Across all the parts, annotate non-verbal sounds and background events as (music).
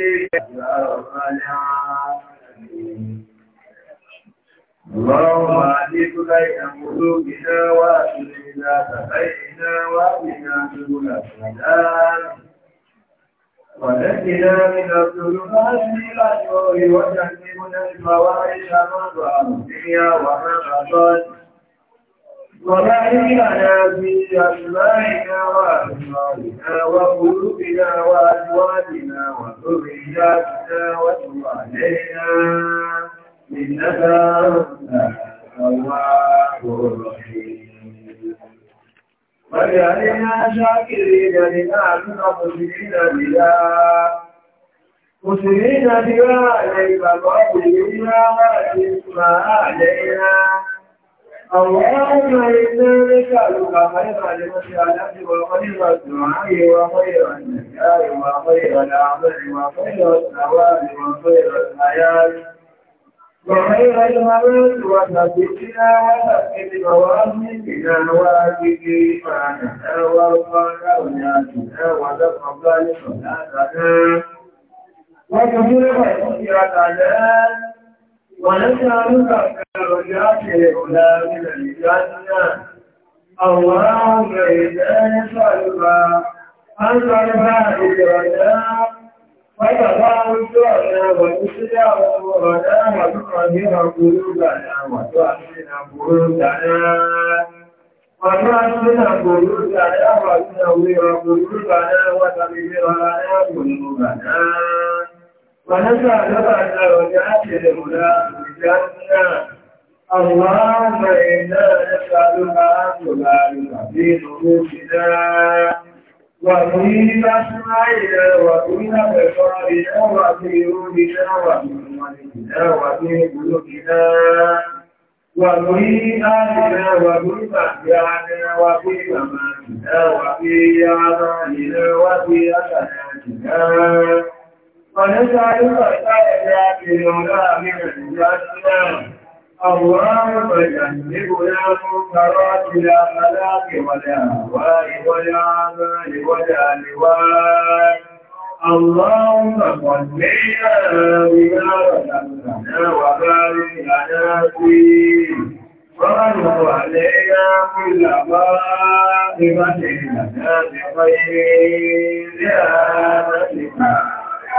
lérí ẹ̀. اللهم عليك بين قلوبنا وأسرنا فبيننا وأبنا سبل السلام ونجنا من الظلمات إلى النور وجنبنا الفواحش ما ظهر الدنيا وما بطن وباركنا في أسمائنا وأسمائنا وقلوبنا وأزواجنا وذرياتنا وتب علينا إنك أنت التواب الرحيم واجعلنا شاكرين لنعم مقصدين بلا مسلمين بلا عليك قولنا وأتم علينا اللهم إذنك لك خير الأرض وخير الدعاء وخير النجاة وخير العمل وخير الثواب وخير الحياة وخير الموت وتسجنا وتسجد موامننا واجد إيماننا وارفعنا ونعجنا وتقبل صلاتنا وكفر وكفر لنا aa ọụa ahụ a aaa aaaa الهدى الجنة اللهم إنا نسألك أن تبارك في نفوسنا وفي أسمائنا وفي أبصارنا وفي قلوبنا وفي ملكنا وفي قلوبنا وفي أهلنا وفي مهجعنا وفي مماتنا وفي أعمالنا وفي أسناتنا ونجعل فتاك يعقلنا من الجنة الله فجنبنا منكرات لا ملاك ولا هواء ولا عمال ولا لواء اللهم صلينا بما رزقتنا وبارك لنا فيه وانه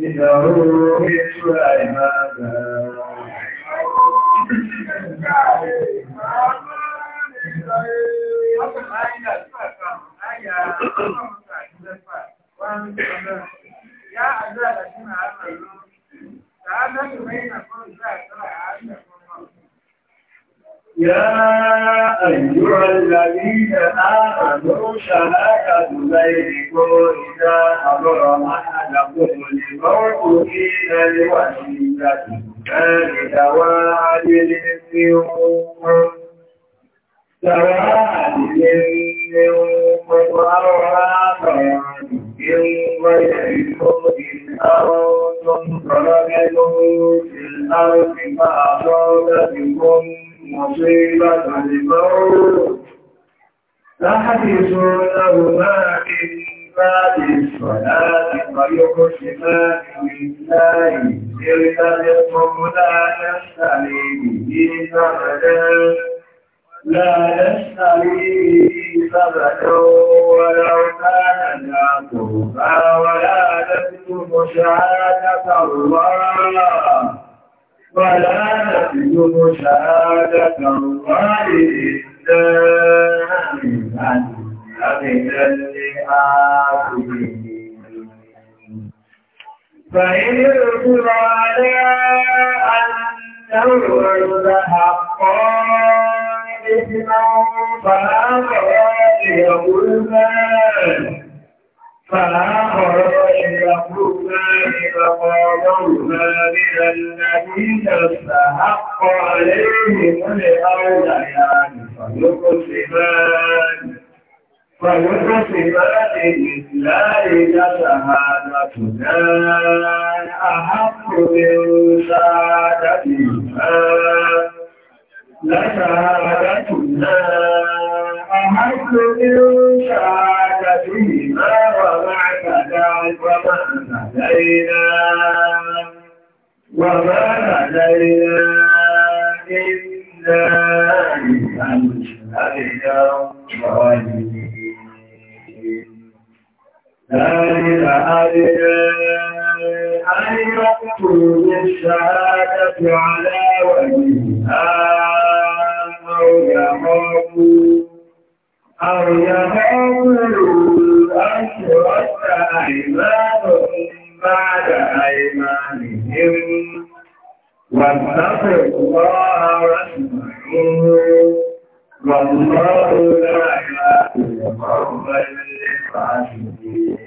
إنه مثل عمادا يا أعزاء الذين آمنوا تعالوا بين كل ذات رعاية يا أيها الذين آمنوا شهادة بينكم إذا حضر أحدكم الموت حين الوسيلة كان سواء عدل منكم سواء عدل منكم أو آخر إن ويعدكم إن أردتم فرجتم في الأرض فأصابتكم مصيبة الموت لحديث لهما من بعد الصلاة فيقسمان بالله إلا يطمن يستعي به أبدا لا يستعي أبدا ولو كان ذا قربى ولا تكتم شهادة الله ولا نكتم شهادة الله إلا أن أمن لآخره فإن اغفر على أنه رجل حقا إثما فلا قرار يقول فلا أرى يخرجان فقالوها من الذين استحق عليهم الأوليان فيقسمان فيقسمان بالله لشهادتنا أحق من شهادتهما لشهادتنا أحق من شهادتهما علينا وما علينا إلا أن ذلك أدنى أن يكتب الشهادة على وجهها أو يهرب أو يهرب أن يرد عباده بعد أيمانهم واتقوا الله واسمعوا والله لا يهدي القوم الفاسقين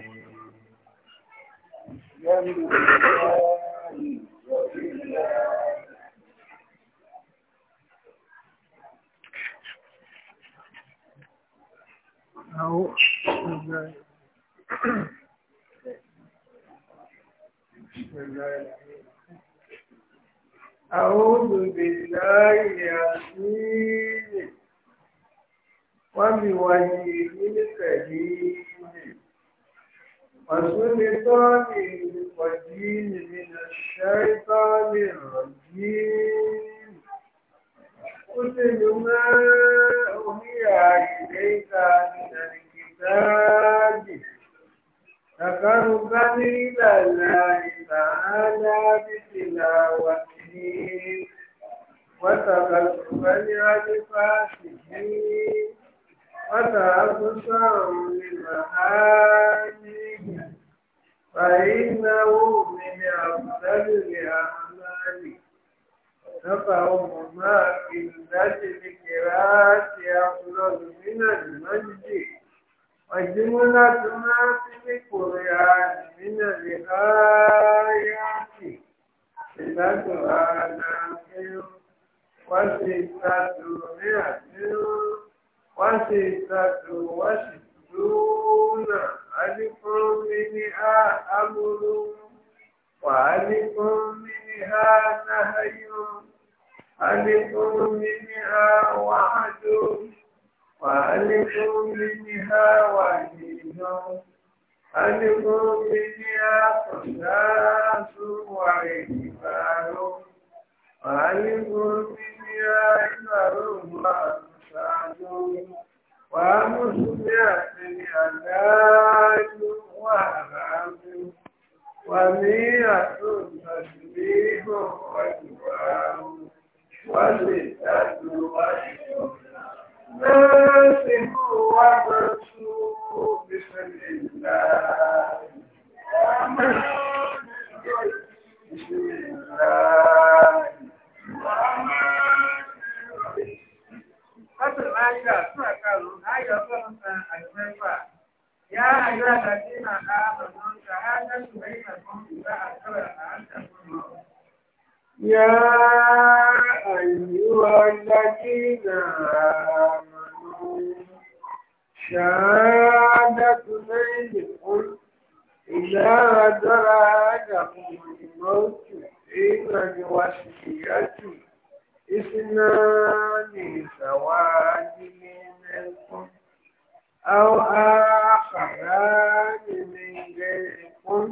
Oh, okay. أعوذ بالله العظيم وبوجهه الكريم وسلطانه القديم من الشيطان الرجيم قتل ما أوحي إليك من الكتاب تقرب إلى الله تعالى بتلاوته وتقرب لألفاظه وتأبصر لمعانيه فإنه من أفضل الأعمال نفعه ما في الذكرات أفضل من المجد adinatụmazịdịpụrụ ya ir arịa ti tiat ana ị s gwasea anaona alịkọ iri amụrụ ba alịkpọ miri ha nahịy alịkpọ mmiri awa ado anii a akụna-aha zụ nwaneiahụ abmiri aarụwazụaanụ kahụzuea dịrị ya na a nụ wahaazụ waatụadiịhụ aeụ nwaea ناصح ومكتوب بسم na ومن بسم الله Fatul Aisha suna karu, Aisha faranta a Jumaifa, ya ayyuka a na kuma za a kawai يا أيها الذين آمنوا شهادة بينكم إذا درأكم الموت حين الوصية اثنان سواد منكم أو آخران من غيركم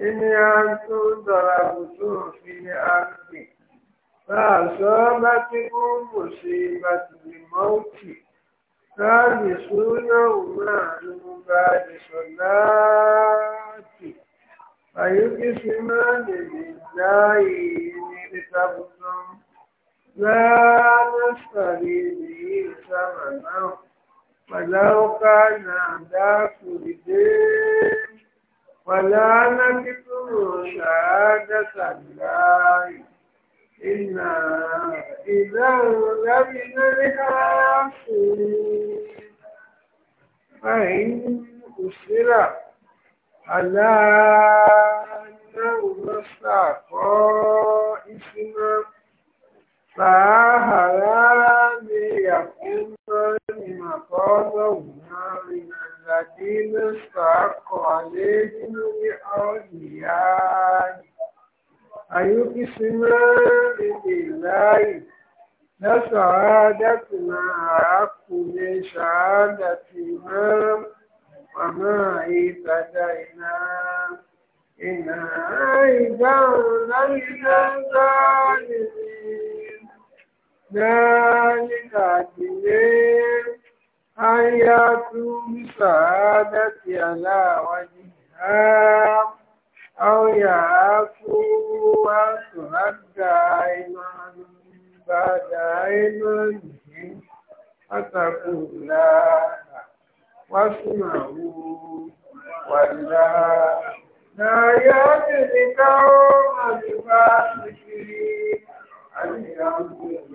إن أنتم ضربتم في الأرض فأصابتهم مصيبة الموت ثالثونهما من بعد صلاة فيقسمان بالله إن ارتبتم لا نشتري به ثمنا ولو كان عند كل ولا نكتم شهادة الله إنا إذا لمن الخاسرين فإن أسر على أنه مستحقا إثما فآهران يكون مقاله من الذين استحق عليهم الأولياء أيقسمان بالله لشهادتنا أحق من شهادتنا وما اهتدينا إنا أيضا لمن الظالمين ذلك أدنى أن يأتوا بالشهادة على وجهها أو يعفوا أن تهدى أيمان بعد أيمانهم فاتقوا الله واسمعوا والله لا يهدي القوم الفاسقين الحمد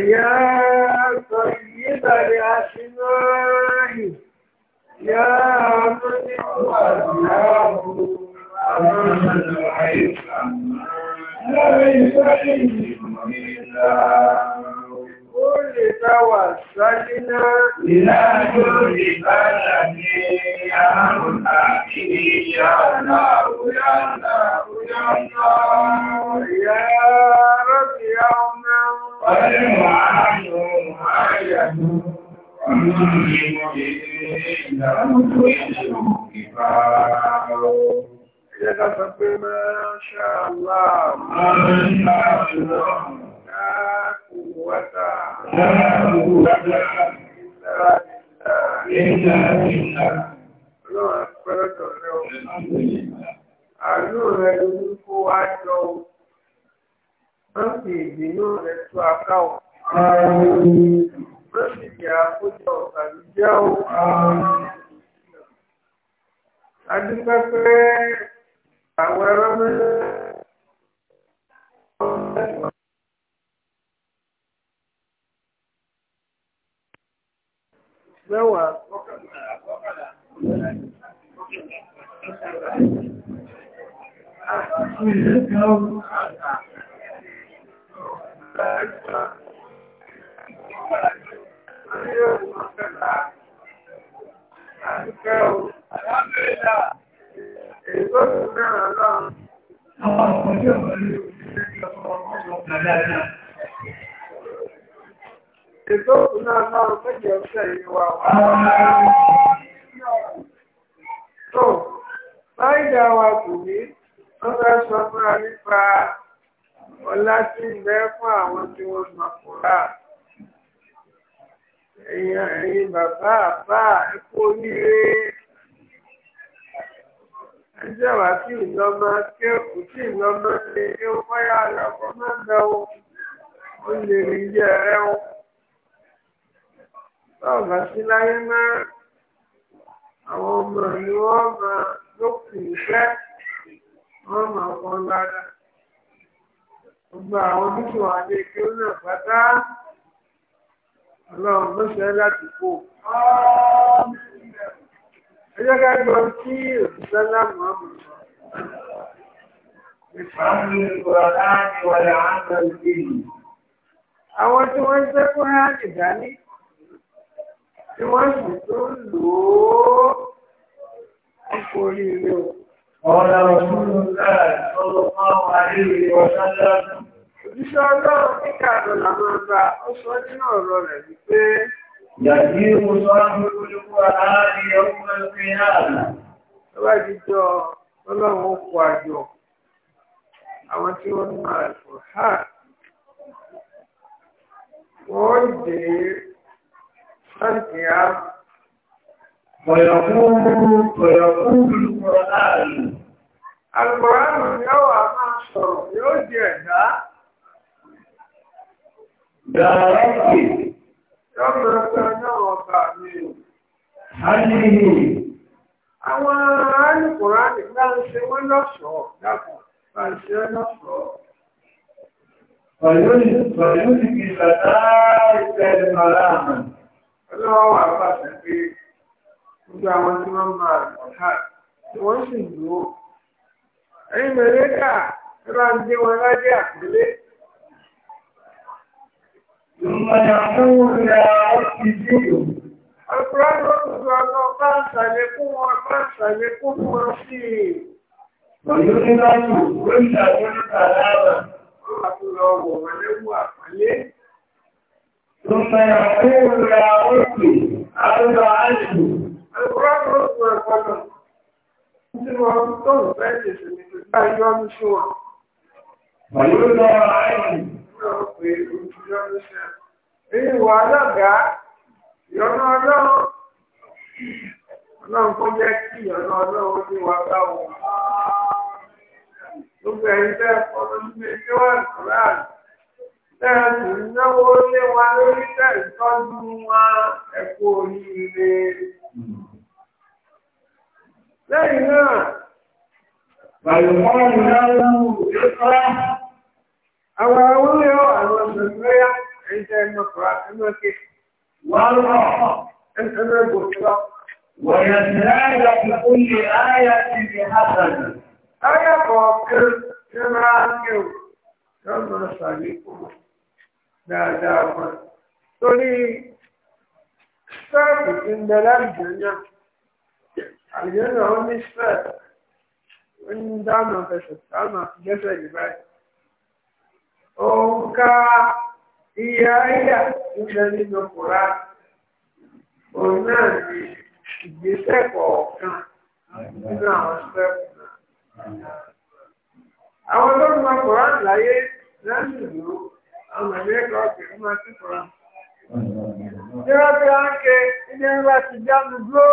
يا طيب الأسماء يا من هو الله أمن العيش ليس إلا lè táwà sáyé náà. Ìlàjò lè bára ní àwọn àti ìyá náà òyà náà òyà náà. Ìyá rọ́bì àwọn náà. Ọdún wà nù àyàmú. Ọdún lè mọ̀ ìlànà ìlú ìbára. Ìjẹ́ ká sọ pé máa ṣáà láàmú. Àwọn ìlànà قوة لا قوة إلا بالله إلا بالله Àánú rẹ̀ ló ní kó wá jọ o. Má fi ìbínú rẹ̀ tú aká o. Má fi ìyà àkójọ tàbí jẹ́ o. Adúgbò pé àwọn ẹ̀rọ mẹ́rin. mẹ́wàá. Àwọn ọmọdé ọ̀rẹ́ ìlú ìgbésẹ̀ ọmọ ọmọ ọmọ ọmọ dáadáa. Ètò òkúnná náà mẹ́jẹ̀ ọ̀ṣẹ́ ìwà wà. Tó, láìdá wa kù ní, wọ́n fẹ́ sọ fúnra nípa ọlá tí ń bẹ fún àwọn tí wọ́n mọ̀ fúnra. Ẹ̀yin bàbá àbá ẹ̀kú oníire. Ẹjẹ́ wà sí ìlọ́mọ kí fọ́yà lọ́kọ́ máa Ó lè rí ilé ẹ̀rẹ́ wọn ọ̀gá sí láyé máa àwọn ọmọ ni wọ́n máa lókùn iṣẹ́ wọ́n máa kọ́ lára. Gbogbo àwọn bíṣọ̀ àti èké náà pátá ọlọ́run ló ṣe láti kó. Ẹjọ́ kẹ́gbọ́ tí òṣìṣẹ́ láàmú àmọ̀ Àwọn tí wọ́n ń jẹ́ kó rá nìdání. tí wọ́n sì tó lò ó ọkọ̀ oríire o. Ọ̀la ọ̀dúnrún lára ìṣọ́lọ́ máa wà nílé ọ̀sán lára. Òjíṣẹ́ ọlọ́run ní kàdọ̀ là máa gba ó sọ nínú ọ̀rọ̀ rẹ̀ wípé. Yàtí mo sọ àbúrò lóko ọkùnrin ẹgbẹ́ náà. Lọ́wọ́ ìdíjọ́ ọlọ́run ó kó àjọ àwọn tí wọ́n máa ẹ̀fọ́ ha. Wọ́n dé القيامة ويقول ويقول القرآن القرآن يوى معشر يوجد يا ربي يوم تنوى بعدين هذه àwọn alùpùrá nígbà ń ṣe wọ́n lọ́ṣọ̀ọ́ dákùn bá ń ṣe lọ́ṣọ̀ọ́. Pẹ̀lú ìgbìyànjú ìgbàdá ìtẹ́lẹ̀ màláàmù ọlọ́wọ́ wà pàṣẹ pé gbogbo àwọn tí wọ́n máa ọ̀tá tí wọ́n sì dúró. ẹ̀yin mẹ̀lẹ́kà ẹ bá ń gbé wọn lájẹ́ àpélé. Àkùrá ló ń sọ ọ̀nà bá ń ṣàlékún wọn bá ń ṣàlékún wọn sí i. Òyìn ní láti wò ó ń ṣàwọn ìgbà Wọ́n wà tó lọ wọ̀ wọ́n léwu àpálẹ́. ثم يقول يا ربي أرضى عني Pẹ̀lú àárín ìwà alága ìyọ́nà ọlọ́run, ọlọ́run kó jẹ́ kí ìyọ́nà ọlọ́run ní wà bá wọn. Gbogbo ẹ̀yìn tẹ́ ọ̀rọ̀ ní ẹjọ́ àkùnrin tẹ́ẹ̀sì náwó lé wa lórí tẹ́ẹ̀tọ́jú wa ẹ̀kú oríire. Lẹ́yìn náà, Bàlùmọ́nù náwó ìfọ́lá. Àwọn awúlé ọ àwọn ọ̀sẹ̀mẹ́yà ẹ̀jẹ̀ ẹ̀mọ̀kọ̀rá ẹ̀mọ̀kẹ́. Wọ́n lọ ẹ̀mọ̀ ẹ̀gbọ̀kọ̀rá. ويتلاعب بكل آية بحسن آية قاطر كما أنكر كما صديقه dáadáa wọn torí sẹ́ẹ̀kì ti ń bẹ lálùjọ́nyà àlùjọ́nyà ó ní sẹ́ẹ̀kì ó ní dáná fẹsẹ̀ dáná gẹ́sẹ̀ ìbáyìí òǹkà iye ayà ń bẹ nínú kùrá òun náà ní ìgbésẹ̀ kọ̀ọ̀kan nínú àwọn sẹ́ẹ̀kì náà àwọn tó ń mọ lẹ́yìn ìlú àwọn ẹ̀lẹ́kọ̀ọ́ ọ̀gbìn máa ti sọ̀rọ̀. Ní wọ́n fi wá ń ké ilé ńlá ti jánu dúró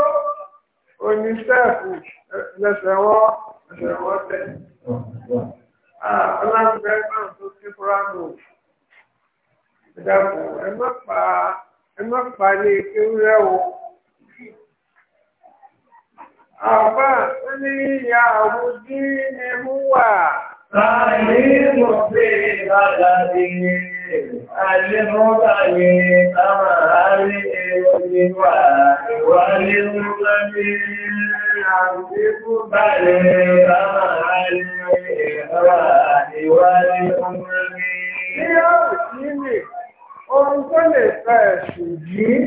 òní sẹ́ẹ̀fù lẹ́sẹ̀ wọ́ lẹ́sẹ̀ wọ́ tẹ̀. Ọlọ́run ẹ̀ máa tó kí Fúrámù. Ìdàpọ̀ ẹ má pa ẹ má pa ní ewúrẹ́ wo. Àbá ní ìyá àwọn ojú ni mú wà. Àìrí mọ̀fẹ́ àdàdì ni, àìlẹ́mọ́tàyẹ àmà àárí ẹ̀yìn wà ìwálé múlámi àgbékúbàlẹ̀ àmà àárí ẹ̀wà ìwálé múlámi. Ní ọ̀rọ̀ nílé, ohun tó lè fẹ́ ẹ̀sùn yìí,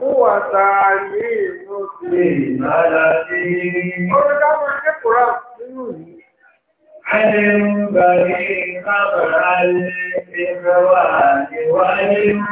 Wúwà tààrí ìmọ̀ sí ìmọ̀ àdàdì. Orí dáwọn akẹ́kọ̀ọ́ nínú yìí. عن بعيد قبل الإخوان والمسلمين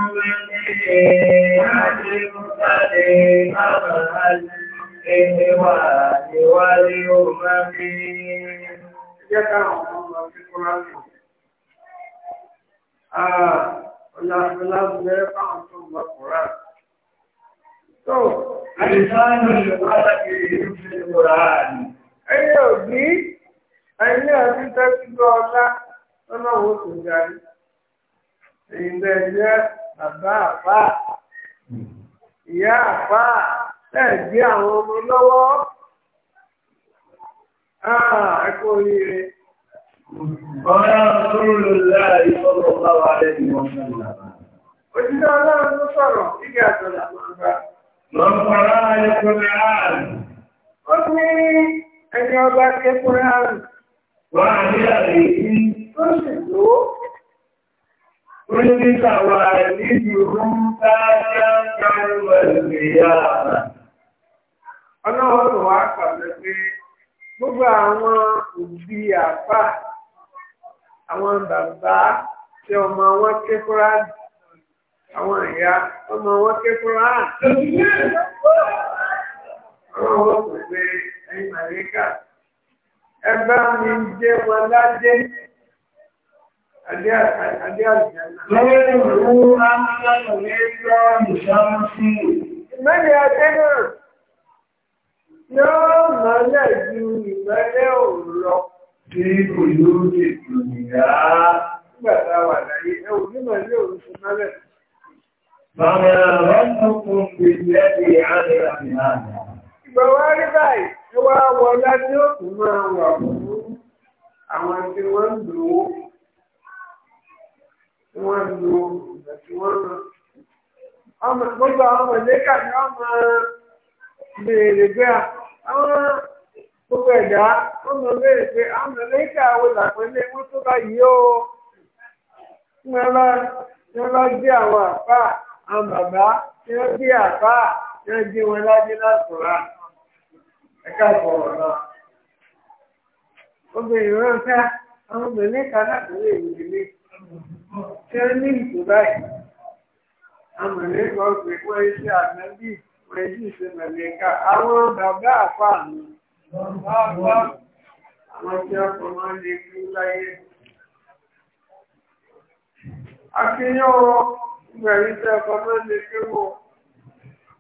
ظنكم بالذي علم بهذا ìgbàwárí báyìí ẹ wá wọlá tí ó kù máa wà fún àwọn tí wọ́n ń lò ó tí wọ́n ń lò ìgbà tí wọ́n ń ọmọ gbogbo àwọn mọ̀lẹ́kà ni wọ́n máa béèrè pé àwọn gbogbo ẹ̀dá wọ́n máa béèrè pé àwọn mọ̀lẹ́kà wo làpẹ́lẹ́ wọ́n tó bá yí ó ń lọ jẹ́ àwọn àpá àwọn bàbá. tí wọ́n bí àbá tí wọ́n dị wọn lájẹ́ lásùrà ẹ̀ka ìfọ̀rọ̀ náà. obìnrin náà fẹ́ àwọn obìnrin kan náà kò lè wù mí tí wọ́n ní ìtura yìí. àwọn mẹ̀lẹ́ kan ká àwọn bàbá àpá àwọn tí máa ń lè fi láyé. ìgbà yìí tẹ́ ọkọ̀ máa ń lè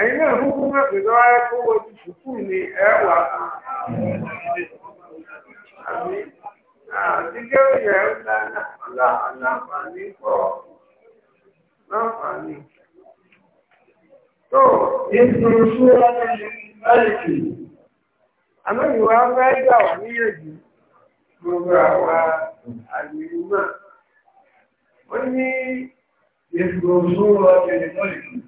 ẹ̀yin náà kúkú náà pè lọ́wọ́ ẹ kó wọ ti sùkúù ni ẹ wà fún àmì àtijọ́ ìyá ńlá aláǹfààní pọ̀ láǹfààní. tó ètò ìṣúra báyìí àmọ́ ìwà fẹ́ gbà wá níyànjú gbogbo àwa àmì náà wọ́n ní ètò ìṣúra báyìí.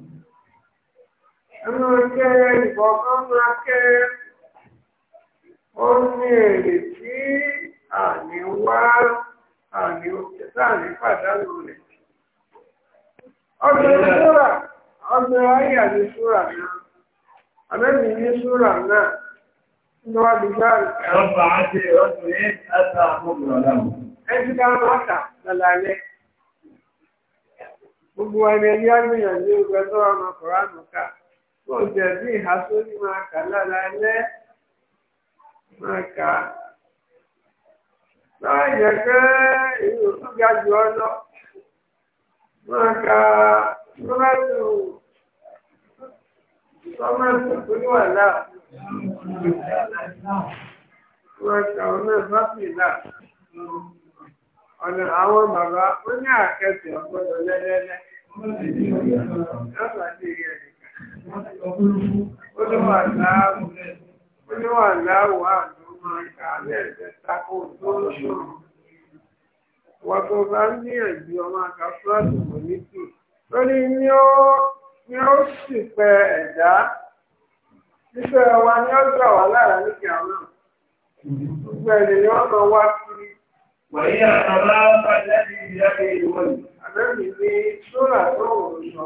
ẹnu ọjẹ́ ìbọ̀kan máa ó ní èrè tí àní wá àní òkè pàdánù rẹ̀. ayé náà àmẹ́bí ní ìṣúra náà ní dùgbà rẹ̀. ṣe ọdún ní ẹ̀ta àmúgbọ̀n láwọn. ẹ ti dá wọn wáta lálẹ́ gbogbo ẹni ẹni á ìgbẹ́ tó àmọ́ká. kò jẹ́ bí ìhà sórí máa kà lára ẹlẹ́ máa kà láì jẹ́ pé ìlú tó ga jù ọ lọ máa kà á tó ní wà láà. máa kà ọ náà bá fi ọ̀nà àwọn bàbá ó ní àkẹ́tì lẹ́lẹ́lẹ́. òfurufú ó ní wà láàrú rẹ̀ ó ní wà láàrú àdó máa kà á lẹ́ẹ̀dẹ́ tako tó ń ṣòro wọ́n tó bá ń gbìyànjú ọmọ àkàfúrásì kò ní tù lórí ni ó ni ó sì pẹ ẹ̀dá níṣẹ́ wa ni ó gbà wá lára nígbà náà gbogbo ènìyàn ọmọ wa kiri. wẹ̀yí àtàlà bá lẹ́yìn ìyá mi ìwọ̀nyí. àbẹ́mi ni sólà tó wò sọ.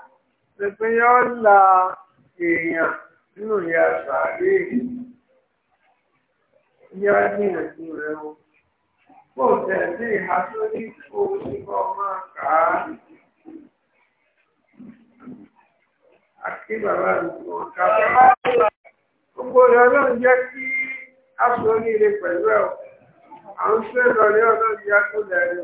ṣe pé yọ́ la èèyàn nínú ìyá sàárè ní àgbìyànjú rẹ̀ o. Bó tẹ̀ sí ìhà tó ní owó tí wọ́n máa kà á. Àkí bàbá mi kò kà bàbá mi wà. Gbogbo rẹ̀ ọlọ́run jẹ́ kí a pẹ̀lú ẹ̀ o. À ń ìrọ̀lẹ́ ọlọ́run yá tó lẹ́nu.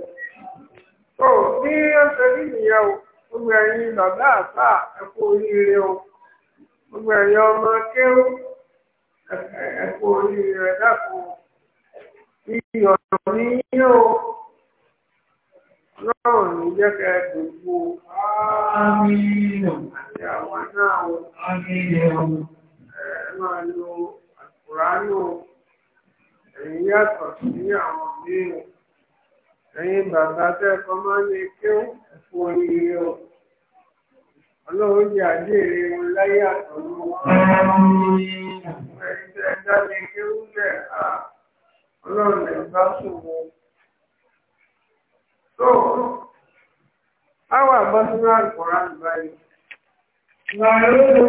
Tó bí ó ṣe rí o. gbogbo ẹ̀yin bàbá àfà ẹ kú oríire o gbogbo ẹ̀yin ọmọ kéwù ẹ oríire ẹ ní yíyó ọlọ́run ní àti àwọn náà o ẹ máa lo àkùrá ẹ̀yin yàtọ̀ sí àwọn ẹ̀yin bàbá akẹ́kọ̀ọ́ máa ń lè kí ẹ̀fọ́ oríire o ọlọ́run jẹ́ àdéhìí wọn láyé àtọ̀run ẹ̀yin tẹ́ ẹ dáni kí ó bẹ̀ á ọlọ́run ẹ̀ bá sùn wọn. tó àwọn àbọ̀sínú àgbọ̀rá àgbáyé. نعوذ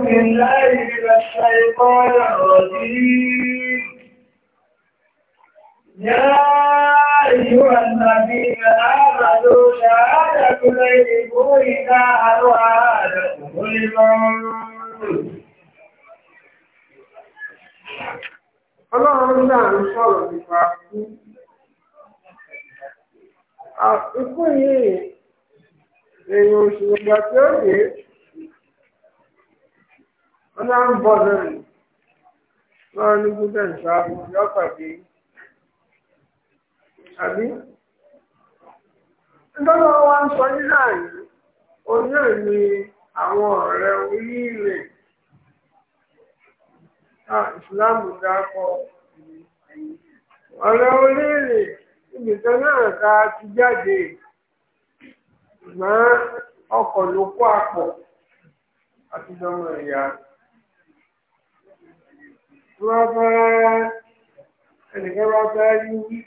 أيها الذين آمنوا شهادة بينكم إذا أرادكم الموت Ọlọ́run náà ń sọ̀rọ̀ nípa kú. Àkókò yìí èèyàn òṣèlú ìgbà tí ó dé, ọlá bọ̀ náà lọ́rọ̀ ní gúdẹ̀ ìṣàbùn yọ́pàdé yìí. àbí Ndọrọwa wa ń sọ nílà yìí òun ni àwọn ọ̀rẹ́ orí ìsìláàmù dákọ ọ̀rẹ́ orí ilẹ̀ náà ti jáde ṣùgbọ́n ọkọ̀ ló kó àpọ̀ àti dọ́mọ ìyá wọ́n fẹ́ ẹnìkan bá fẹ́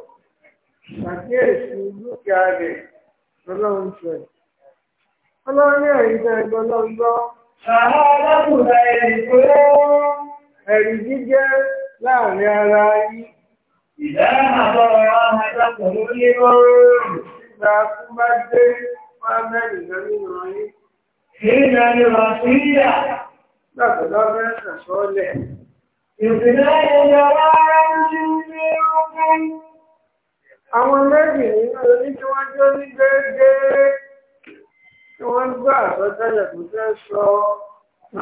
ṣàkíyèsí dúkìá rẹ̀ lọ́lọ́run ṣe. ọlọ́run ẹ̀rí náà gbọ́ lọ́gbọ́. ọlọ́kùnrin ẹ̀rí tó ẹ̀rí jíjẹ́ láàrin ara yìí. ìdáhùn àwọn ọ̀rọ̀ àwọn ẹ̀dọ́kùn lórí lọ́rùn. ìgbà tó bá dé wá mẹ́rin náà nínú ayé. èyí náà ni wà sí ìyá. Gbàgbọ́ lọ́fẹ́ ṣàṣọ́lẹ̀. Ìgbìmọ̀ ẹ̀yọ̀ wá ń ṣe ní ọkùnrin àwọn méjì nínú oníṣíwájú ní tí wọ́n gbà àsọtẹ́lẹ̀ kò fẹ́ sọ.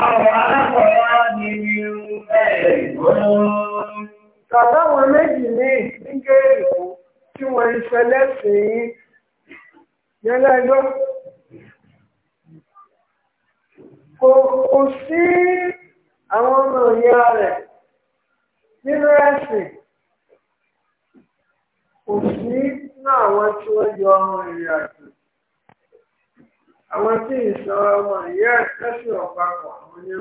Àwọn alákọ̀ọ́ ni irun bẹ́ẹ̀ gbọ́n. Tàbáwọn méjì ní ìpínlẹ̀ Èkó tí wọ́n ń ṣẹlẹ̀ sí yẹlẹ́gbọ́. Kò sí àwọn ọmọ ìyá rẹ̀ nínú ẹ̀sìn. kò sí ní àwọn tí wọ́n yọ ọmọ ìrìn àjò àwọn tí ọmọ ìyá ẹ̀kẹ́sì ọ̀pápọ̀ àwọn ní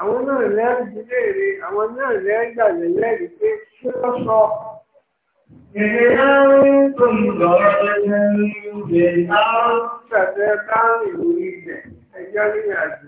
àwọn náà lẹ́rìí léèrè àwọn náà pé ṣé sọ. tó ń lọ ní náà. bá ibẹ̀ ní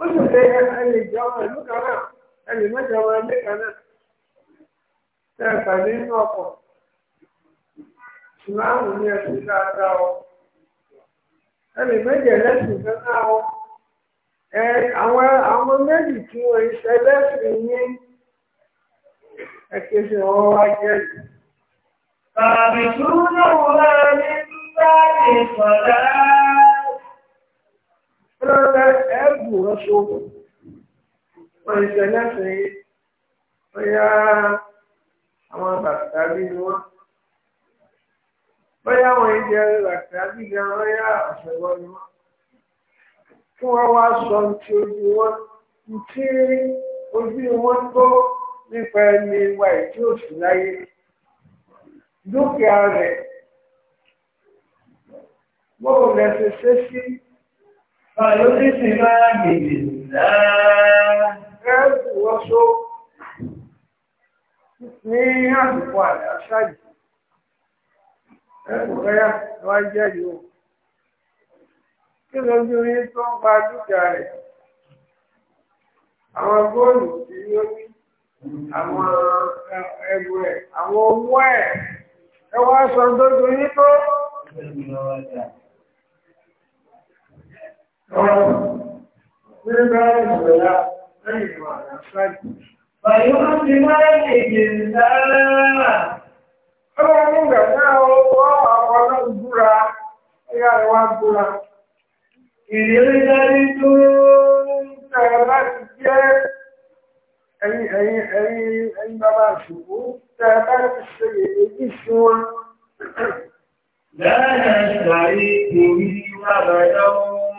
ó sì fẹ́ ẹlẹ́ ìjọ ọmọ ìlú kan náà ẹlẹ́ mẹ́jọ ọmọ ẹgbẹ́ náà tẹ́ ní ọ tí wọ́n ń ṣe rárá ẹ̀bù rọ́ṣọ́ wọ́n ṣe lẹ́sìn yìí bóyá àwọn bàtà bí ni wọ́n bóyá àwọn ìjẹ bàtà bí gan bóyá ọ̀ṣẹ̀wọ́ ni wọ́n kí wọ́n wá sọ ti ojú wọn ntí ojú wọn tó nípa ẹni wa ìdí òsì láyé dúkìá rẹ̀ bóun lẹ ṣe sí. فيقسمان بالله ẹ̀ẹ́dùwọ́só ní àdùkù àṣájì ẹ̀kùnrẹ́yà wá jẹ́ yóò kí ló bí orí tó ń pa dúkìá rẹ̀ àwọn góòlù tí ó ní àwọn ẹrù ẹ̀ àwọn owó ẹ̀ ẹ sọ tó torí tó Ọlọ́run nígbà náà ọwọ́ àwọn ọlọ́run búra, ẹgbẹ́ àríwá búra. Ìrírí dárí tó ń tẹ̀rẹ láti jẹ́ ẹ̀yìn bàbá ṣùgbọ́n tẹ̀rẹ láti ṣe èdè sí wọn. (clears throat) Lẹ́yìn ṣàrí ìrí bàbá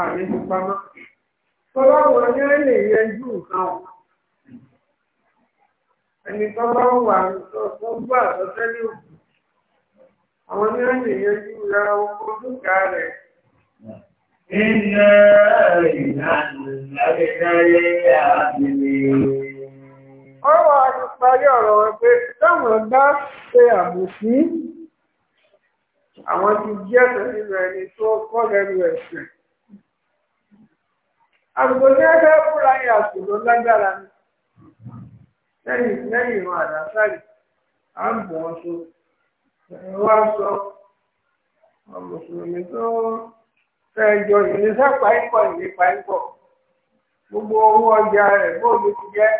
àmì ìpamọ́. Tọ́lá wọn ní lè yẹjú nǹkan ọ̀. Ẹni tó bá wà tó gbà tó tẹ́lẹ̀ òkú. Àwọn ní lè yẹjú ra oko dúkà rẹ̀. Iná ìlànà àgbẹ̀dáyé àbílẹ̀. Ọ̀rọ̀ àti parí ọ̀rọ̀ wọn pé táwọn bá ṣe àbòsí, àwọn ti jẹ́ tẹ̀lé ẹni tó kọ́ lẹ́nu ẹ̀sìn àgbò ní ẹgbẹ́ fúnra yẹn àsìkò lágbára ni lẹ́yìn lẹ́yìn ìran àdásárì à ń bọ̀ wọn so wá sọ mùsùlùmí tó fẹ́ jọ ìníṣẹ́ pàápọ̀ ìní pàápọ̀ gbogbo owó ọjà rẹ̀ bóòlù ti jẹ́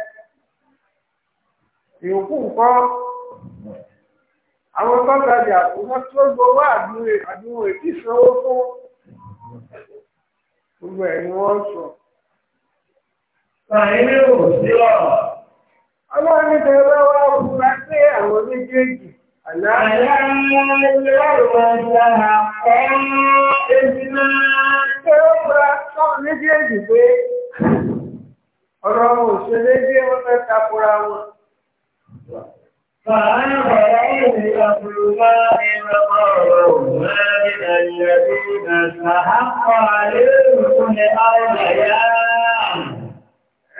ìyókù kọ́ àwọn tọ́tajà tó wọ́n tó gbowó àdúrà àdúrà ètí fún gbogbo ẹ̀ ni wọ́n sọ. Sàyínú ò sí ọ̀rọ̀. Ọlọ́run ní bẹ̀rẹ̀ bá wá òṣèré bí wọn.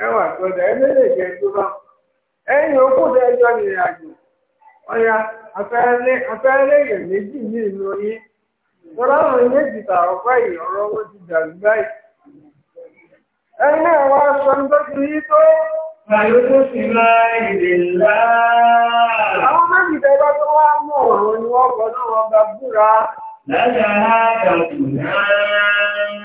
ẹwà gbọdọ̀ ẹ méjèèjì ẹjọ́ náà ẹ̀yìn òkú dẹjọ́ ìrìn àjò ọ̀yà afẹ́rẹ́ èèyàn méjì ní ìlú yín lọ́la àwọn méjì owó ti dàrú báyìí. ẹni náà wá aṣọ ní tó yí tó. tó fi máa ìdè ńlá. Àwọn méjì tó wá mú ni náà gba búra. Lájà á náà.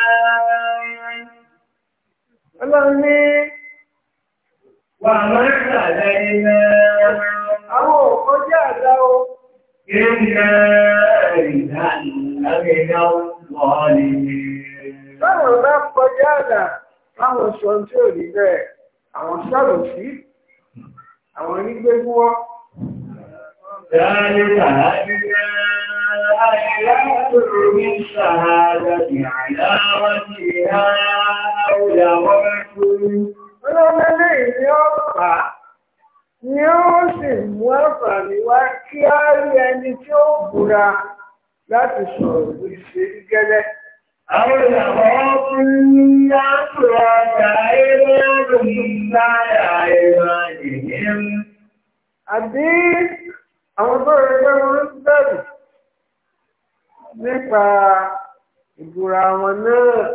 ọlọ́run ní wà mọ́tà lẹ́yìn náà. àwọn òkò jẹ́ àdá o. iná ìdá ìlànà wọ́ọ̀lì. báwọn bá kọjá àdá báwọn sọ tí ò rí bẹ́ẹ̀ àwọn sọ̀rọ̀ sí àwọn onígbégbó. الآيات من شهادة على وجهها أولى ولكم Ọlọ́mọ lè ní ọ̀pá ni ó sì mú àǹfààní wá kí á rí ẹni tí ó búra láti sọ̀rọ̀ ìlú ìṣe gẹ́lẹ́. Àwọn ìyàwó ọkùnrin ní àtúrọ̀ ọjà eré ọdún láyà ẹ̀rọ ìyẹn. Àbí àwọn tó rẹ̀ lẹ́wọ̀n ń nípa ìbúra wọn náà.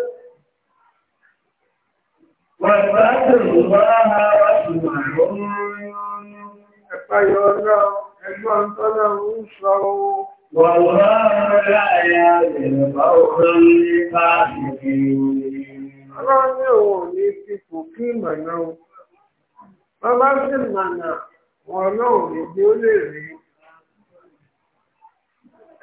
Wàtá tòlù bá ha wá ṣùgbọ́n àwọn ẹ̀páyọ̀ náà ẹgbọ́n tọ́lá ń sọ owó. Wàwúrá ọ̀rẹ́ àyà ìrẹ̀ bá òun ní káàkiri. Ọlọ́run ní òun ní fipò kí ìmọ̀ náà. Bàbá sì mànà wọn náà ní bí ó lè rí.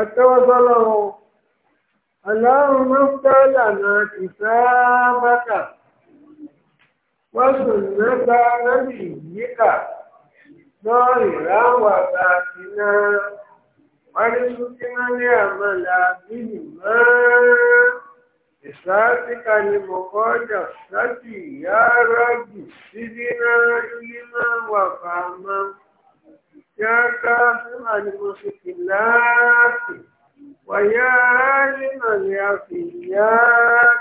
àtẹ́wọ́sọ́lọ́run aláàrùn mọ́fẹ́ lànà ìsáábàkà wọ́n sùn mẹ́ta lẹ́bí yíkà náà ìráwà àti náà wáyé súnkínà ní àmàlà bíbí máa ìsáàtìkà ni mọ̀kọ́jà sátì yára jù sídínà ilé máa wà fàámáà. يا كافر المشكلات ويا عالم اليقينات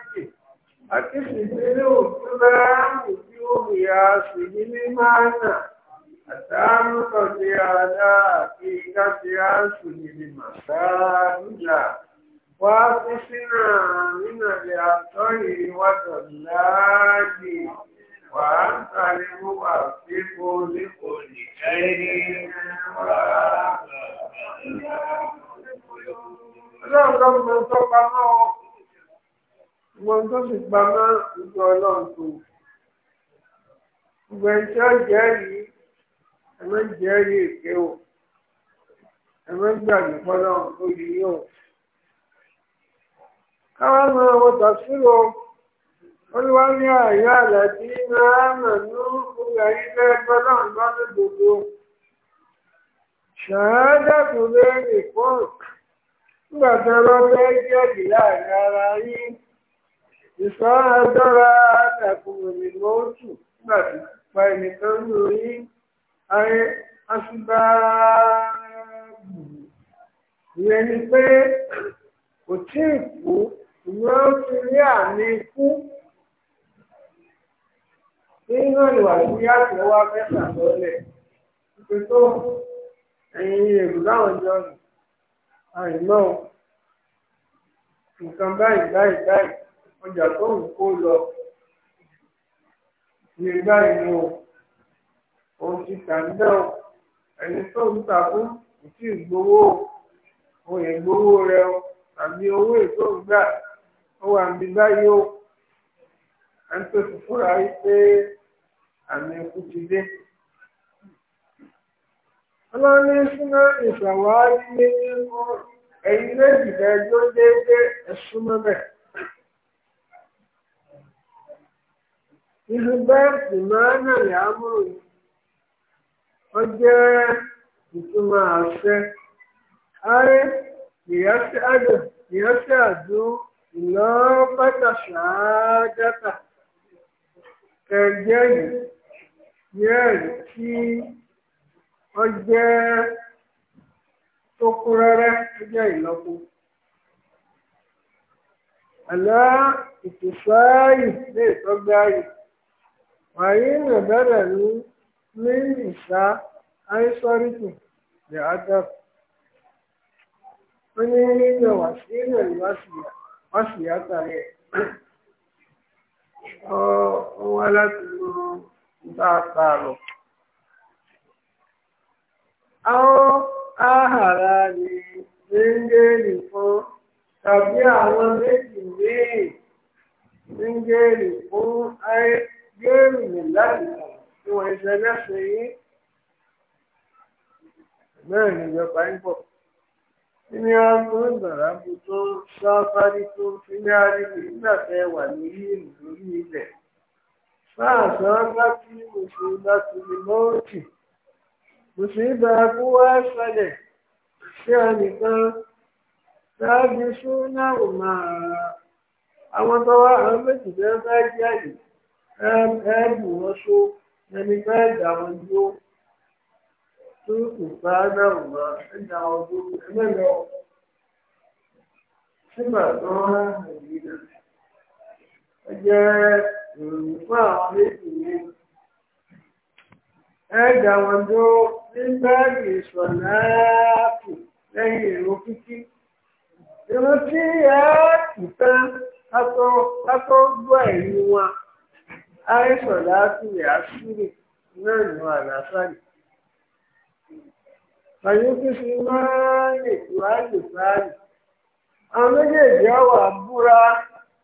أكف بالأسلام وجوه ياسر لمعنى أتام قضي على حقيقة ياسر لمساجد وأقسنا من العطي والضلال وأنت الموفق لكل شيء Ọlọ́run ló mọ tó pamọ́ ọ. Mo tó fi pamọ́ ìjọ ọlọ́run tó. Ìgbà tí ó jẹ́rìí, ẹ má jẹ́rìí èké o. Ẹ má gbàgbé fọlọ́run tó yí yóò. Káwá máa wọ tàṣírò olúwa ní àyà àlàbí máa mọ̀nú ọgbà ilé ẹgbẹ́ náà bá lódodo ṣàádàtú lórí fún nígbà tí wọ́n fẹ́ jẹ́bi láàrin ara yín ìsọ́nàdọ́ra àtàkùnrin nìmọ̀ òtù nígbà tí pa ẹnìkan lù yín ayé asúbáàbù ìyẹn ni pé kò tí ì kú ìwé ó ti rí àmì ikú nínú ìwà ìwúyà tó nǹkan báyìí báyìí báyìí ọjà tó ń kó lọ ní báyìí ni o òun ti tà ń dẹ́ o ẹni tó ń ta fún kò tí ì gbowó o òun yẹn gbowó rẹ o tàbí owó ètò ìgbà ó wà níbi báyìí o ẹni tó ti fúnra yìí pé. àmì ikú ti dé. ọlọ́ni súná ìṣàwárí ní mímú ẹ̀yin méjì lẹ́jọ́ déédéé ẹ̀sùn mẹ́bẹ̀. ìlú bẹ́ẹ̀kì máa ń rìn àmúrò yìí ó jẹ́ ìtumọ̀ àṣẹ. ayé ìyáṣẹ́ àjò ìyáṣẹ́ àjò yìí. yẹ́ẹ̀rì tí ó jẹ́ tó kún rẹ́rẹ́ ó jẹ́ ìlọ́po. Àlá ìtìsáàyì lè tọ́gbà yìí. Wàyí nà bẹ̀rẹ̀ ní ní ìsá àìsọ́rìtì lè ádàp. Ó ní nínú wàsílẹ̀ wàsíyàtà rẹ̀. Ó wá láti lọ. akparụ àwọn ahàrá ni ríngéèlì fún tàbí àwọn méjì míì ríngéèlì fún géèmì láti kàn tí wọ́n ṣe dị yín bẹ́ẹ̀ ni ìjọba a ń mú ìgbàlábù tó sáfárí tó fi ní ní ìlú فأصابت مصيبة الموت مصيبة قوى فلح ذلك سادسونهما àwọn tó wá àwọn méjì tó fẹ́ jáde ẹ̀ẹ́dù wọn só ẹni fẹ́ dà wọn dúró tó kò bá náà wà wọn dúró ẹgbẹ́ lọ sígbà tó wá nàìjíríà ẹ Nǹkan àwọn méjì ni ẹ̀ẹ́dà wọn ní báàgì ìṣọ̀láàpù lẹ́yìn èrò kíkí. Irú tí ẹ kù tán gbọ́ ẹ̀yìn wọn, àìṣọ̀láàpù rẹ̀ á náà nù àlàáfàlì. Àyíkú ti máa ń lè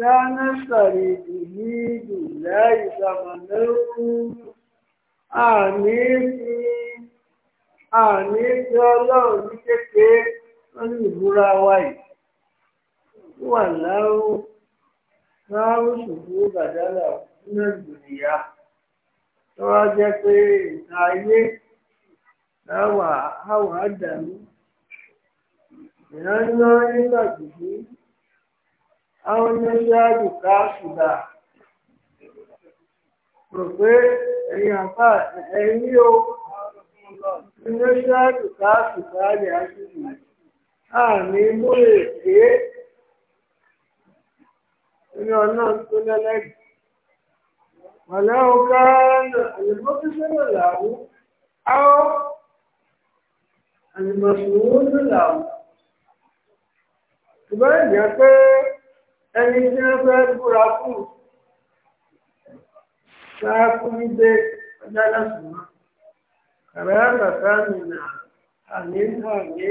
lánà sàrí ìdùnnú ìdùnnú ìsàmọ̀lẹ́kùn àní fi àní fi ọlọ́run ní kékeré lórí ìbúra wa yìí wà láwọn láwọn ṣùgbọ́n bàdálà nínú ìgbìyà tó wá jẹ́ pé nǹkan ayé láwọn àwọn oníṣẹ́àjò káàkùdà rò pé ẹ̀yìn àpá ẹ̀yìn o oníṣẹ́àjò káàkùdà lè àṣìṣe àmì mú èké ní ọ̀nà tó lẹ́lẹ́gbẹ̀ẹ́. ولو كان المقصر له أو المسؤول له. Ìbáyìí jẹ́ pé ẹni tí wọ́n fẹ́ búra fún ṣáàkú níbẹ̀ ọjọ́ lásùnmọ́ kàrẹ́rà sáàmì náà àní àní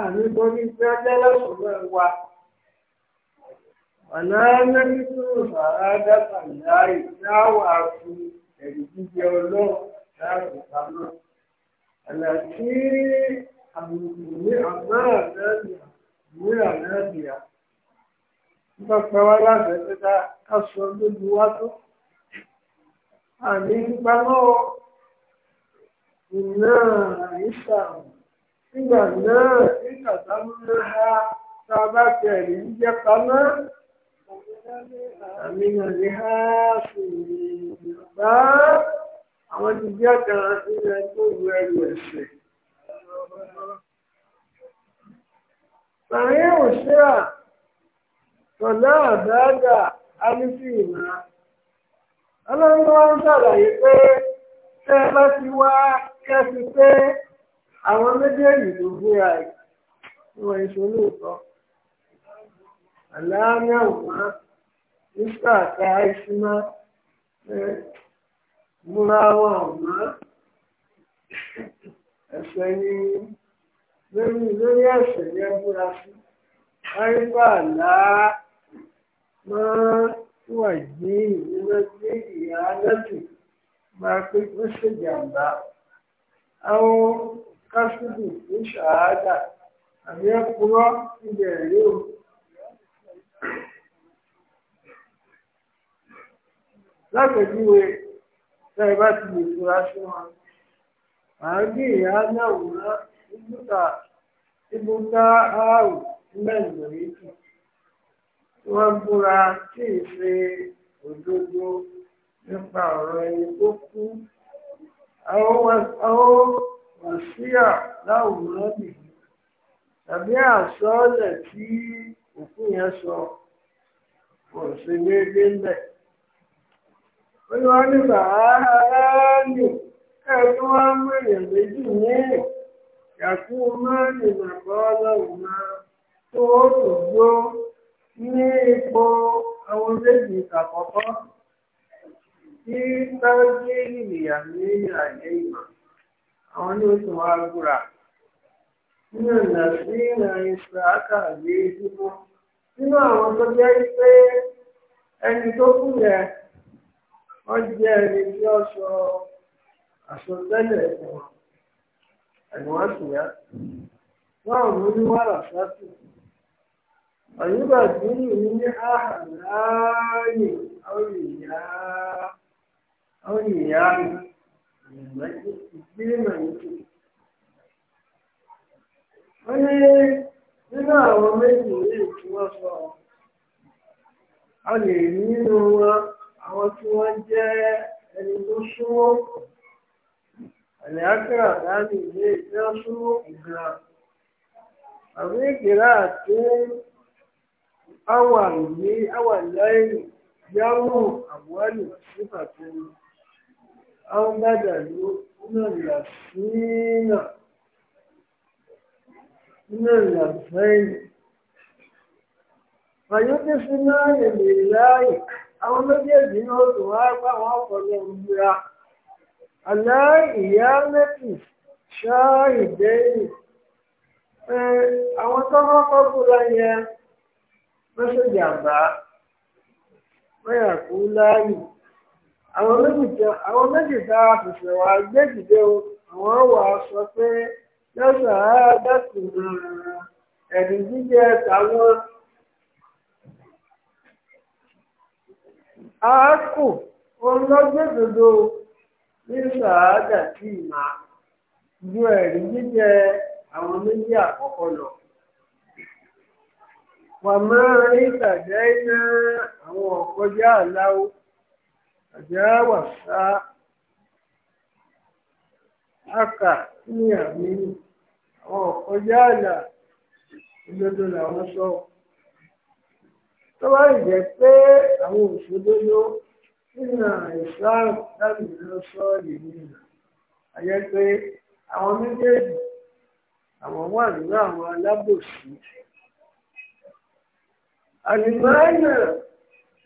àní bóní tí ọjọ́ lásùnmọ́ wa ọ̀nà mẹ́rin tó rà dábà láì dáwà fún ẹ̀rí jíjẹ ọlọ́run láàrú pamọ́ ọ̀nà tí àmì ìwé àmọ́ àdáàbìà ìwé àdáàbìà nípa pẹ́ wá láti ẹ̀ka ká sọ lójú wá tó àní nípa náà náà àyíṣà nígbà náà nígbà táwọn náà tá a bá fi ẹ̀rí ń jẹ́ pamọ́ àmì nàní ha sì bá àwọn ti jẹ́ kan nínú ẹgbẹ́ òwú ẹrù ẹ̀sẹ̀. Sàrín òṣèrà. tọ̀lá àdáàdà alifi ìlà ọlọ́run wọn ṣàlàyé pé tẹ́ bá ti wá kẹ́sí pé àwọn méjèèjì ló gbéra ẹ̀ wọ́n ìṣolóòtọ́ àlàáfíà wọn àká ìṣúná múra wọn ọ̀nà ẹ̀sẹ̀ ni lórí ẹ̀sẹ̀ yẹn múra sí wọ́n ń ما توجيه لمسجد إعادته ما كنت مستجابا أو قصد الشهادة أن يقرأ إلى اليوم lápẹjúwe tẹ ẹ bá ti lè fura sí wọn màá gbé ìyá náà wòrán ibùdó ibùdó ààrùn mẹ́rin lòyìn kù. tí wọ́n búra tí ì òdodo nípa ọ̀rọ̀ ẹni tó kú àwọn òṣìyà láwùrán nìyí tàbí àsọọ́lẹ̀ tí òkú yẹn sọ kò sí déédéé ńlẹ̀. olúwa ní bàálù ẹ̀ẹ́dún méjì ní ipò àwọn méjì àkọ́kọ́ tí sáwọ́jì ènìyàn ní àyè ìmọ̀ àwọn ní oṣù àgùrà nínú ọ̀nà sí ìrìn ìṣẹ́ àkàwé nínú àwọn tó jẹ́ pé ẹni tó kú yẹ wọ́n jẹ́ ẹni tí ó sọ àsọtẹ́lẹ̀ ẹ̀sìn wọn ẹ̀wọ̀n wọ́n mú ويبدل من أحلاي wọ́n ní nínú àwọn méjì yìí tí a lè nínú wọn àwọn tí wọ́n jẹ́ ẹni tó súnmọ́ súnmọ́ àti a wà ní a lẹ́yìn yáwó àwọ̀lù nígbà tó ń àwọn ló náà là sínà náà là sẹ́yìn. àyọ̀kẹ́ sí náà lè láàyè àwọn méjèèjì náà tó wá bá àwọn ọ̀pọ̀lọpọ̀ ń gbéra. aláìyá mẹ́tì ṣáà ìdẹ́yìn àwọn mọ́ṣẹ́jàmbá mọ́yàkú láàyè àwọn méjì tá a fẹsẹ̀ wá gbẹ́dìde o àwọn wà á sọ pé lọ́sàn á dákùnrin ẹ̀dùn jíjẹ táwọn á kù òun ní sàádà tí ì ju jíjẹ àwọn méjì wàmọ́ ìtàjẹ́ iná àwọn ọ̀kọjá aláwọ̀ àjẹ́ wàsá àkà ní àmì àwọn ọ̀kọjá àlà òdodo làwọn sọ tó bá lè jẹ́ pé àwọn òṣòdodo nínú islam láti lọ sọ yìí nínú àyẹ́ pé àwọn méjèèjì àwọn wà nínú àwọn alábòsí àlìmáànà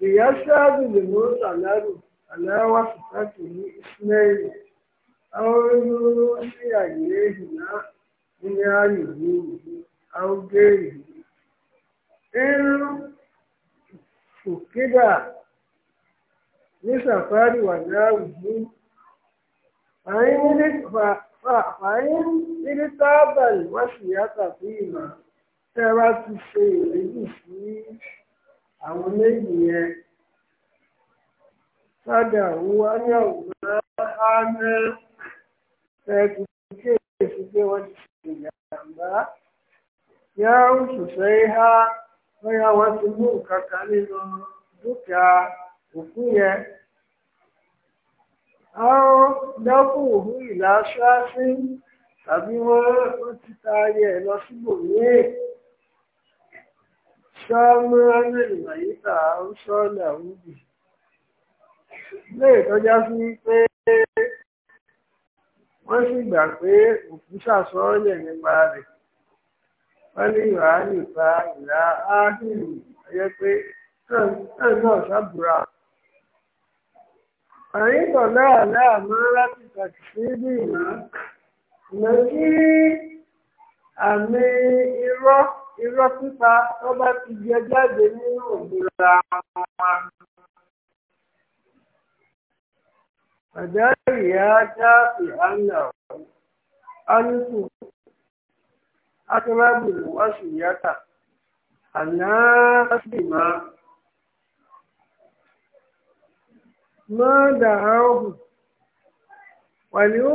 ìyá ṣáàbì lè mú sàlárù aláwà sùpàtì ní ismail àwọn onírúurú sí àyè ìhìnà ní àyè yìí àwùjẹ́rì irú òkèdà ní sàfárì wà láàrú yìí fàáyín nílé tábàlì wá sí yàtà fún ìmọ̀ tẹ́ ẹ bá ti ṣe ìrègùn fún àwọn méjì yẹn sádà wúwa ní ọ̀gbọ́n áná tẹ́ ẹ ti kéèsì pé wọ́n ti ṣe ìjàmbá yá òṣìṣẹ́ ihá bóyá wọ́n ti mú nǹkan kan nínú dúkìá òkú yẹn. àwọn dọ́kùnrù ìlà ṣáṣí tàbí wọ́n ti taari ẹ̀ lọ síbòmíì. sọ́ọ́mọ́ ánìlà yìí tà á ń sọ́ọ́lá òbí léè tọ́já sí pé wọ́n sì gbà pé òkú ṣàsọ́ọ́lẹ̀ nípa rẹ̀ wọ́n ní ìwà nípa ìlà áàdùn ẹ̀yẹ pé náà náà ṣàbùrà. àyíkọ̀ náà náà máa láti tàkì sí bí irọ́ pípa tó bá ti jẹ jáde nínú ìbúra wa. Àdáyé ajá fi àná alùpù akẹ́rẹ́bùrù wáṣù yàtà àná sì máa. Máa dàá òhùn. Wàlí ó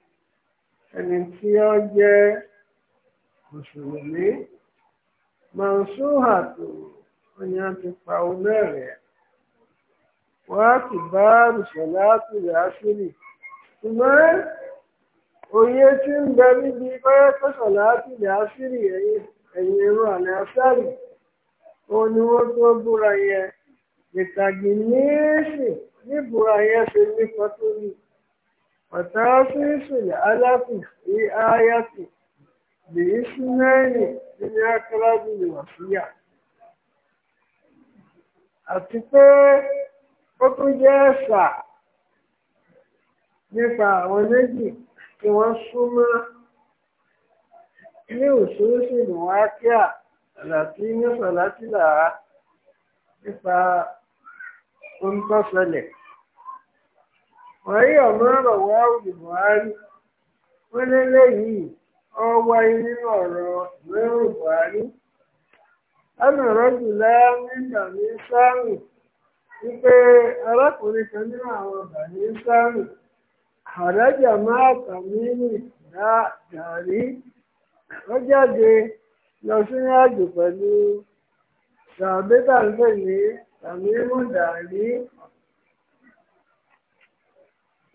ẹni tí ó jẹ́ mùsùlùmí mansuhatu ọyàn ti pa oná rẹ̀ wọ́n á sì bá rùsọ̀lá tó yà á sílì ṣùgbọ́n òye tí ń bẹ níbi pẹ́rẹ́ pẹ́sọ̀lá tó yà ẹ̀yìn ẹ̀rọ àlẹ́ àṣàrì òun ni wọ́n tó búra yẹn ìtàgé ní níbúra yẹn ṣe ní kọ́tórì. وتاسيس العلف في آية بإسنان من أقرب الوصية àti pé ó tún jẹ́ ẹ̀sà nípa àwọn méjì tí wọ́n súnmọ́ ní òṣooṣù ìwákíà àlàtí ní sọ̀látìlà wàyí ọ̀mọ̀rọ̀ wàhù buhari wọn lélẹ́yìí ó wáyé nínú ọ̀rọ̀ mẹ́rù buhari ẹnìrọ́jùlá nígbà ní sáàrù wípé arákùnrin kan nínú àwọn bàní sáàrù àdájà máa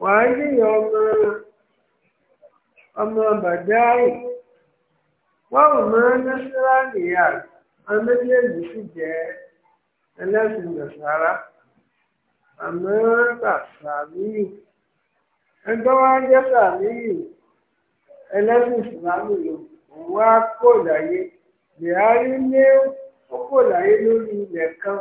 wàá yíyan ọmọ ọmọ bàjáì wọ́n ò mọ násírààlì yá àwọn méjèèjì sì jẹ́ ẹlẹ́sìn nàṣàrà àmọ́ bà sàmíyù ẹgbẹ́ wa jẹ́ sàmíyù ẹlẹ́sìn ìsìlámù lò òun wá kò láyé bìhárí ní ó kò láyé lórí ilẹ̀ kan.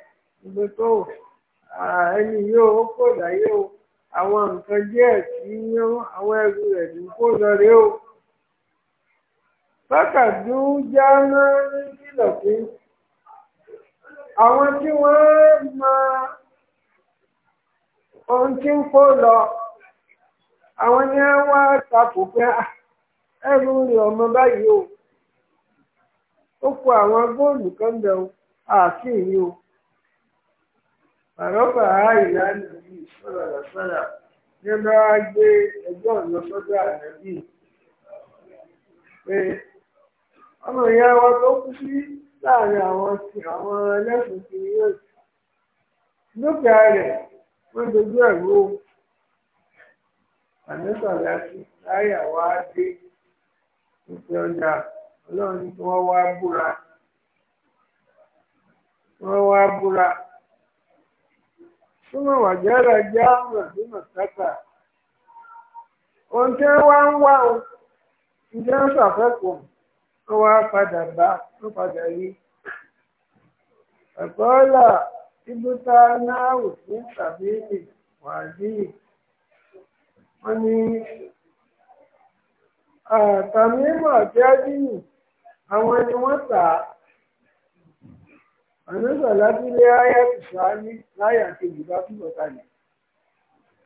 ìgbé tó ẹni yóò ó kò láyé o àwọn nǹkan díẹ̀ tí yán àwọn ẹrù rẹ̀ ní kó lọ rè o. Bákàdú já náà ní kìlọ̀ pé àwọn tí wọ́n ohun tí ń kó lọ àwọn ni wá takò pé ẹrù rẹ̀ ọmọ báyìí o ó kó àwọn góòlù kan bẹ̀ a àti ìyí o. àrọ́bà àìlà nàbí sọ̀rọ̀ àlàsára ní ya gbé ẹjọ́ ọ̀nà sọ́dọ̀ ànábì pé ọmọ ìyá wa tó kú sí láàrin àwọn ti àwọn ẹlẹ́sìn ti yóò rẹ̀ wọ́n dojú ẹ̀rú ànísọ̀lá sí láyà wá dé ìpè súnmọ́ wàjára já ọ̀nà sí màkàtà ohun tí wọ́n ń wá o ǹjẹ́ ń ṣàfẹ́kùn wọ́n wá padà bá wọ́n padà rí ẹ̀kọ́ọ́là ibùta náà wò sí sàbíìlì wàdíì wọ́n ní àtàmímọ̀ àti ájíyìn àwọn ni wọ́n tà á àmọ́sọ̀ lábílé ayàtìṣá ní láyà kejì bá túbọ̀ kalẹ̀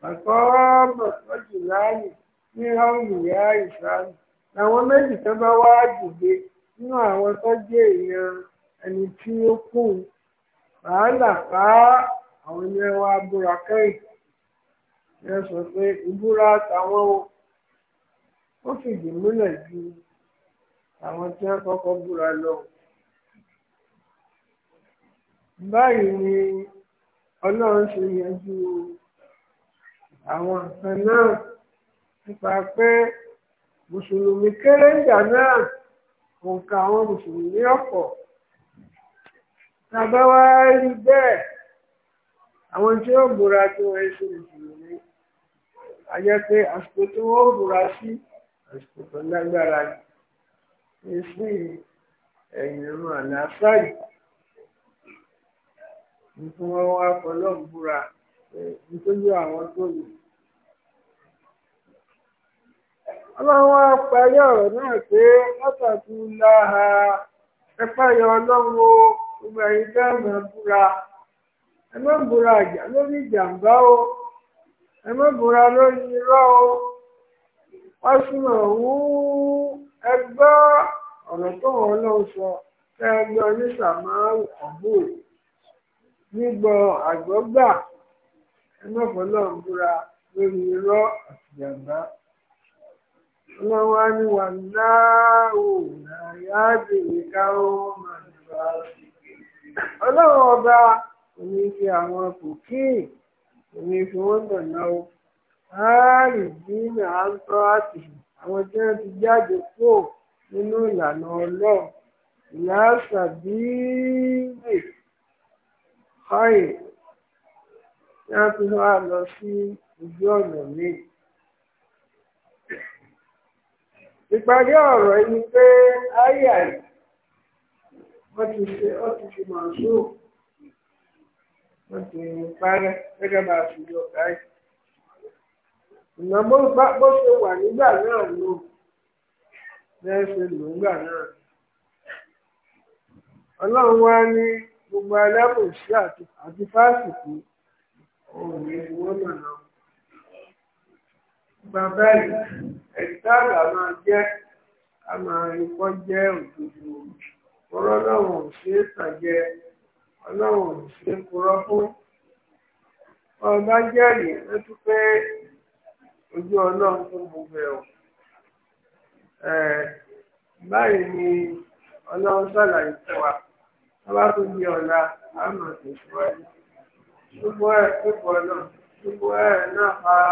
àkọ́ọ̀mọ̀ lọ́jù láàyè ní ráùnù ìyá ìsáàlù làwọn méjì tó bá wá dìde nínú àwọn tó jẹ́ èèyàn ẹni tí ó kù wàhálà pa àwọn ẹni wa búra kẹ́yìn ẹ sọ pé ìbúra tàwọn ó fìdí múlẹ̀ ju àwọn tí wọ́n kọ́kọ́ búra lọ báyìí ni ọlọ́run ṣe yanjú àwọn nǹkan náà nípa pé mùsùlùmí kéré ìgbà náà òǹkà àwọn mùsùlùmí ọ̀pọ̀ tàbá wá rí bẹ́ẹ̀ àwọn tí ó búra tí wọ́n ṣe mùsùlùmí a jẹ́ pé àsìkò tí wọ́n búra sí àsìkò tó lágbára ní sí ẹ̀yìn ìrún àlàáfáà yìí. nǹkan wọn wá fọlọ́ọ̀ búra nítorí àwọn tó ọlọ́run parí ọ̀rọ̀ náà pé láha ọlọ́run o gbogbo ẹ̀yin o ẹ búra o ọ̀rọ̀ tó lọ́wọ́ sọ ẹ gbọ́ ní sàmáà ọ̀bùn. nígbọ́ àgbọ́gbà ẹnọ́fọ́lọ́ ń búra lórí irọ́ àtìjàmbá ọlọ́wọ́ á ní wà láàrú nàyà bèrè káwọn máa ń bá ọlọ́wọ́ ọba òní fi àwọn kòkíì òní fi wọ́n dọ̀nà o áàrì dínà á ń tọ́ àti àwọn tí wọ́n ti jáde kó nínú ìlànà ọlọ́ọ̀ ìyá sàbíìnì. kọ́ì tí wọ́n fi wá lọ sí ojú ọ̀nà míì. ìparí ọ̀rọ̀ yìí pé áyà yìí wọ́n ti ṣe ọ́ ti fi a fi lọ ṣe wà nígbà náà lò bẹ́ẹ̀ ṣe lò gbogbo alábòsí àti fásitì òní wọ́n mà lọ. bàbá yìí ẹ̀sìn àgbà máa jẹ́ a máa rí kọ́ jẹ́ òdodo ọ̀rọ̀ ọlọ́run ò ṣeé tàjẹ́ ọlọ́run ò ṣeé purọ́ fún. ọba jẹ́rìí ló tún pé ojú ọlọ́run tó gbogbo ẹ̀ o. báyìí ni ọlọ́run sàlàyé fún wa bàbá tó di ọ̀la àmọ̀ tẹ̀síwájú gbogbo ẹ̀ púpọ̀ náà gbogbo ẹ̀ náà fara.